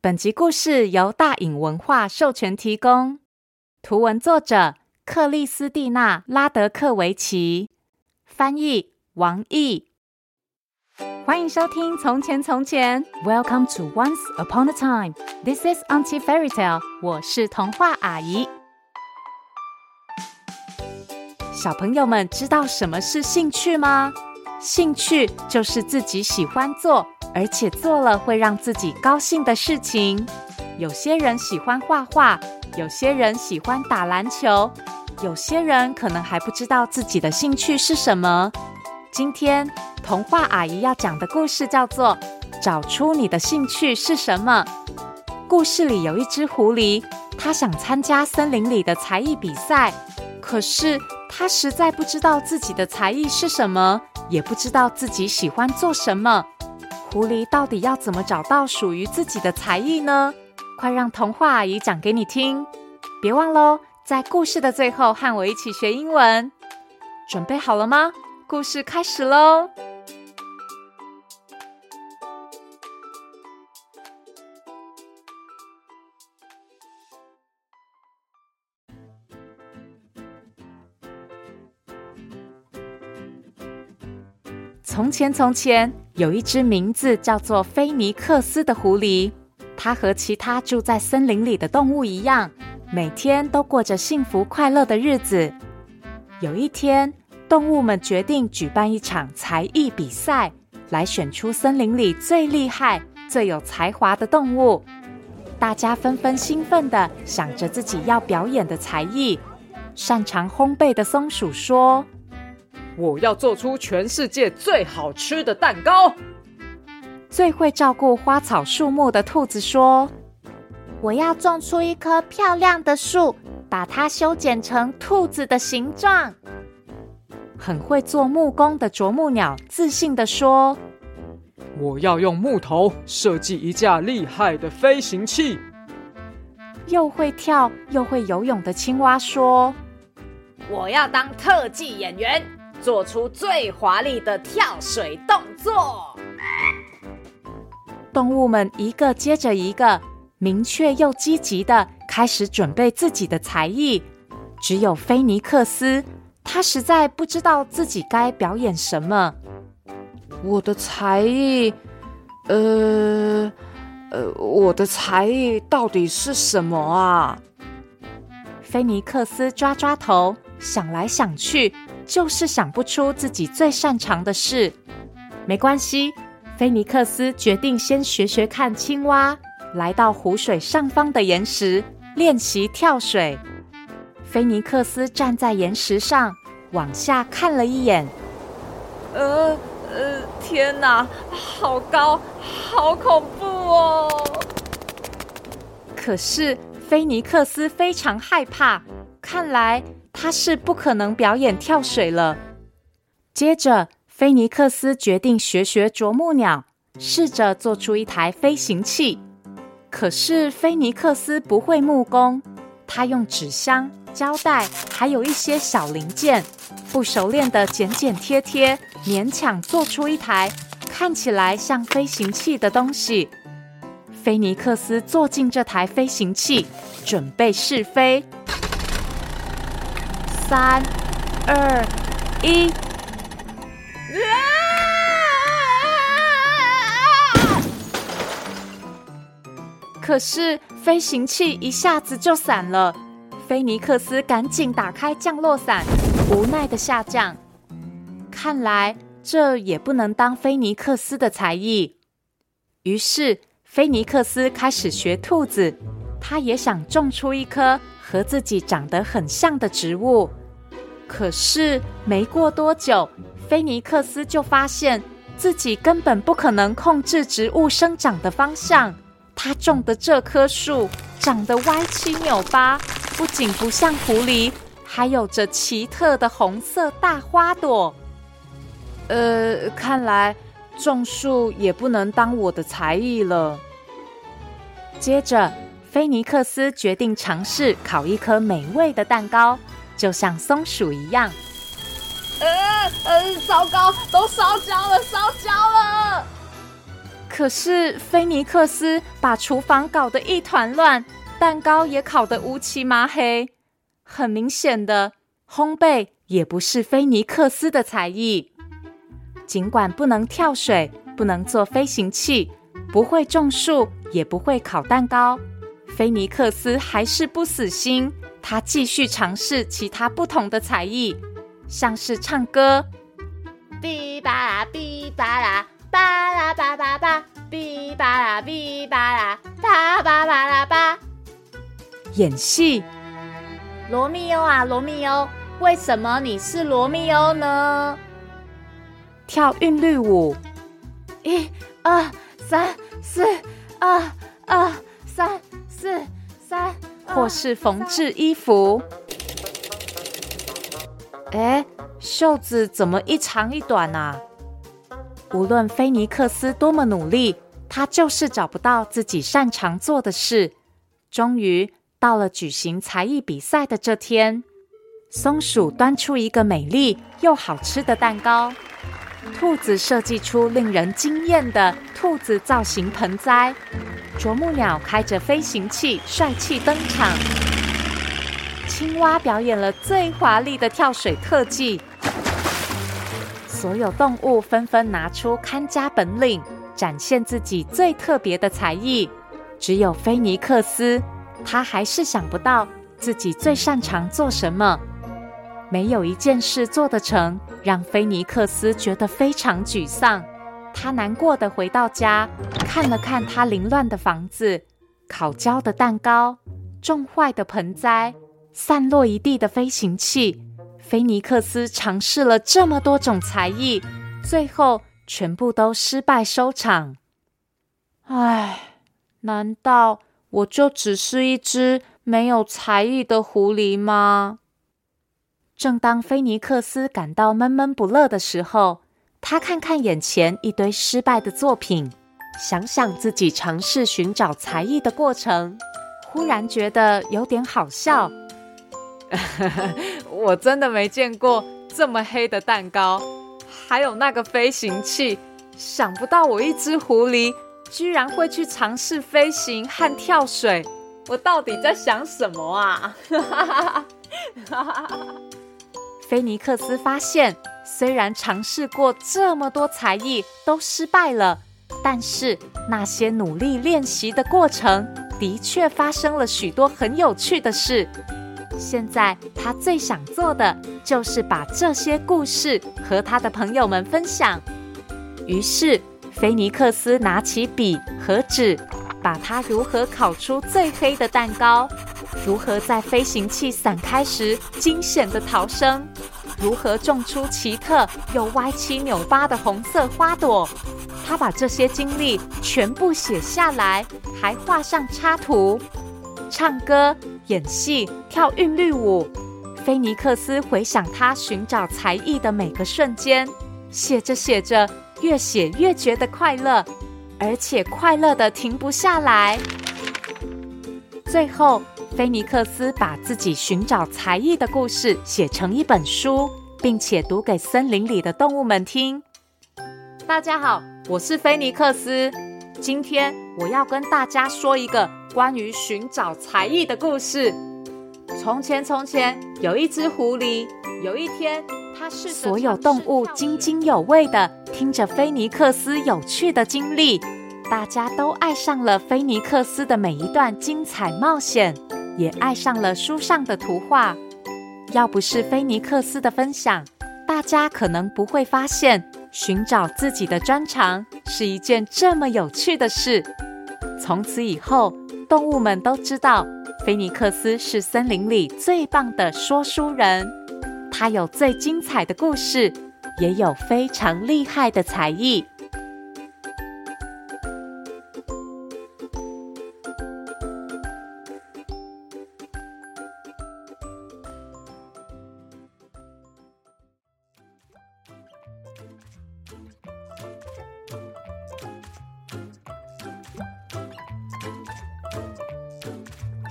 本集故事由大穎文化授權提供，圖文作者克莉絲蒂娜·拉德克維奇，翻譯王奕。歡迎收聽《從前從前》，Welcome to Once Upon a Time，This is Auntie Fairy Tale。我是童話阿姨。小朋友們知道什麼是興趣嗎？興趣就是自己喜歡做，而且做了會讓自己高興的事情。有些人喜歡畫畫，有些人喜歡打籃球，有些人可能還不知道自己的興趣是什麼。今天童話阿姨要講的故事叫做《找出你的興趣是什麼》。故事裡有一隻狐狸，它想參加森林裡的才藝比賽，可是它實在不知道自己的才藝是什麼，也不知道自己喜歡做什麼。狐狸到底要怎麼找到屬於自己的才藝呢？快讓童話阿姨講給你聽！別忘嘍，在故事的最後和我一起學英文。準備好了嗎？故事開始嘍！從前從前。有一隻名字叫做菲尼克斯的狐狸，它和其他住在森林裡的動物一樣，每天都過着幸福快樂的日子。有一天，動物們決定舉辦一場才藝比賽，來選出森林裡最厲害、最有才華的動物。大家紛紛興奮地想着自己要表演的才藝。擅長烘焙的松鼠說。我要做出全世界最好吃的蛋糕。最會照顧花草樹木的兔子說：“我要種出一棵漂亮的樹，把它修剪成兔子的形狀。”很會做木工的啄木鳥自信地說：“我要用木頭設計一架厲害的飛行器。”又會跳又會游泳的青蛙說：“我要當特技演員。”做出最華麗的跳水動作，動物們一個接着一個，明確又積極的開始準備自己的才藝。只有菲尼克斯，他實在不知道自己該表演什麼。我的才藝，呃呃，我的才藝到底是什麼啊？菲尼克斯抓抓頭，想來想去。就是想不出自己最擅長的事，沒關係。菲尼克斯決定先學學看青蛙，來到湖水上方的岩石練習跳水。菲尼克斯站在岩石上，往下看了一眼，呃呃，天哪，好高，好恐怖哦！可是菲尼克斯非常害怕，看來，他是不可能表演跳水了。接着，菲尼克斯決定學學啄木鳥，試着做出一台飛行器。可是，菲尼克斯不會木工，他用紙箱、膠帶，還有一些小零件，不熟練的剪剪貼貼，勉強做出一台看起來像飛行器的東西。菲尼克斯坐進這台飛行器，準備試飛。三、二、一！可是飛行器一下子就散了，菲尼克斯趕緊打開降落傘，無奈地下降。看來這也不能當菲尼克斯的才藝。於是菲尼克斯開始學兔子，他也想種出一棵和自己長得很像的植物。可是沒過多久，菲尼克斯就發現自己根本不可能控制植物生長的方向。他種的這棵樹長得歪七扭八，不僅不像狐狸，還有着奇特的紅色大花朵。呃，看來種樹也不能當我的才藝了。接着，菲尼克斯決定嘗試烤一顆美味的蛋糕。就像松鼠一樣，呃、欸、呃、欸，糟糕，都燒焦了，燒焦了。可是，菲尼克斯把廚房搞得一團亂，蛋糕也烤得烏漆嘛黑。很明顯的，烘焙也不是菲尼克斯的才藝。盡管不能跳水，不能做飛行器，不會種樹，也不會烤蛋糕，菲尼克斯還是不死心。他繼續嘗試其他不同的才藝，像是唱歌，嗶巴拉嗶巴拉，巴拉巴拉巴，巴，嗶巴拉嗶巴，巴拉，巴拉巴拉巴，巴，巴，巴；演戲，羅密歐啊羅密歐，為什麼你是羅密歐呢？跳韻律舞，一二三四，二二三四三。四三。或是縫製衣服。哎，袖子怎麼一長一短啊？無論菲尼克斯多麼努力，他就是找不到自己擅長做的事。終於到了舉行才藝比賽的這天，松鼠端出一個美麗又好吃的蛋糕。兔子設計出令人驚艷的兔子造型盆栽，啄木鳥開着飛行器帥氣登場，青蛙表演了最華麗的跳水特技，所有動物紛紛拿出看家本領，展現自己最特別的才藝。只有菲尼克斯，他還是想不到自己最擅長做什麼。沒有一件事做得成，讓菲尼克斯覺得非常沮喪。他難過地回到家，看了看他凌亂的房子、烤焦的蛋糕、種壞的盆栽、散落一地的飛行器。菲尼克斯嘗試了這麼多種才藝，最後全部都失敗收場。唉，難道我就只是一隻沒有才藝的狐狸嗎？正當菲尼克斯感到悶悶不樂的時候，他看看眼前一堆失敗的作品，想想自己嘗試尋找才藝的過程，忽然覺得有點好笑。 我真的沒見過這麼黑的蛋糕，還有那個飛行器。想不到我一隻狐狸，居然會去嘗試飛行和跳水。我到底在想什麼啊？哈哈哈。菲尼克斯發現，雖然嘗試過這麼多才藝都失敗了，但是那些努力練習的過程的確發生了許多很有趣的事。現在他最想做的就是把這些故事和他的朋友們分享。於是，菲尼克斯拿起筆和紙，把他如何烤出最黑的蛋糕。如何在飛行器散開時驚險的逃生？如何種出奇特又歪七扭八的紅色花朵？他把這些經歷全部寫下來，還畫上插圖，唱歌、演戲、跳韻律舞。菲尼克斯回想他尋找才藝的每個瞬間，寫着寫着，越寫越覺得快樂，而且快樂得停不下來。最後。菲尼克斯把自己尋找才藝的故事寫成一本書，並且讀給森林裡的動物們聽。大家好，我是菲尼克斯。今天我要跟大家說一個關於尋找才藝的故事。從前，從前有一隻狐狸。有一天，它是所有動物津津有味地聽着菲尼克斯有趣的經歷，大家都愛上了菲尼克斯的每一段精彩冒險。也愛上了書上的圖畫。要不是菲尼克斯的分享，大家可能不會發現尋找自己的專長是一件這麼有趣的事。從此以後，動物們都知道菲尼克斯是森林裡最棒的說書人。他有最精彩的故事，也有非常厲害的才藝。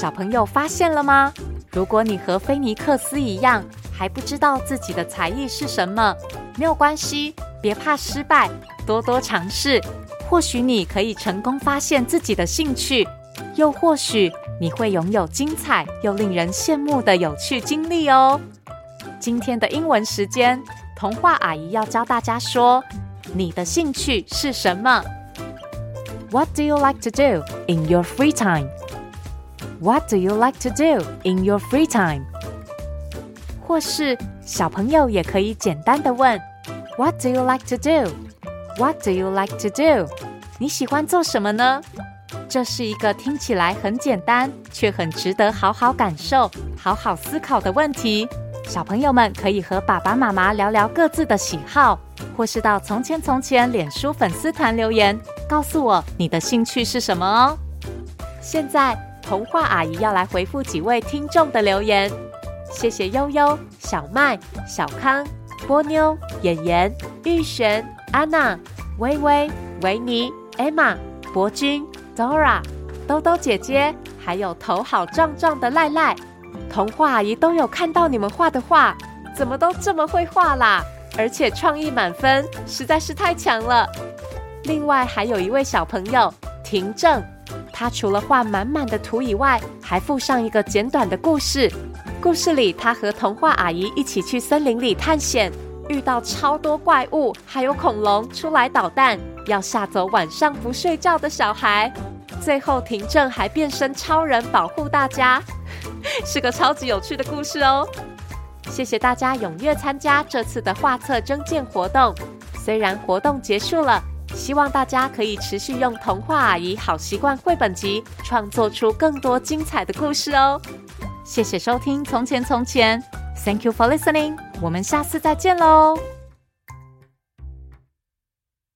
小朋友發現了嗎？如果你和菲尼克斯一樣還不知道自己的才藝是什麼，沒有關係，別怕失敗，多多嘗試，或許你可以成功發現自己的興趣，又或許你會擁有精彩又令人羨慕的有趣經歷哦。今天的英文時間，童話阿姨要教大家說：你的興趣是什麼？What do you like to do in your free time？What do you like to do in your free time？或是小朋友也可以簡單地問：What do you like to do？What do you like to do？你喜歡做什麼呢？這是一個聽起來很簡單，卻很值得好好感受、好好思考的問題。小朋友們可以和爸爸媽媽聊聊各自的喜好，或是到從前從前臉書粉絲團留言，告訴我你的興趣是什麼哦。現在。童話阿姨要來回復幾位聽眾的留言，謝謝悠悠、小麥、小康、波妞、燕燕、玉璇、安娜、薇薇、維尼、Emma、博君、Dora、兜兜姐姐，還有頭好壯壯的賴賴。童話阿姨都有看到你們畫的畫，怎麼都這麼會畫啦？而且創意滿分，實在是太強了。另外還有一位小朋友，廷正。他除了畫滿滿的圖以外，還附上一個簡短的故事。故事裡，他和童話阿姨一起去森林裡探險，遇到超多怪物，還有恐龍出來搗蛋，要嚇走晚上不睡覺的小孩。最後，廷正還變身超人保護大家， 是個超級有趣的故事哦！謝謝大家踴躍參加這次的畫冊徵件活動。雖然活動結束了。希望大家可以持續用童話阿姨好習慣繪本集創作出更多精彩的故事哦！謝謝收聽《從前從前》，Thank you for listening。我們下次再見嘍！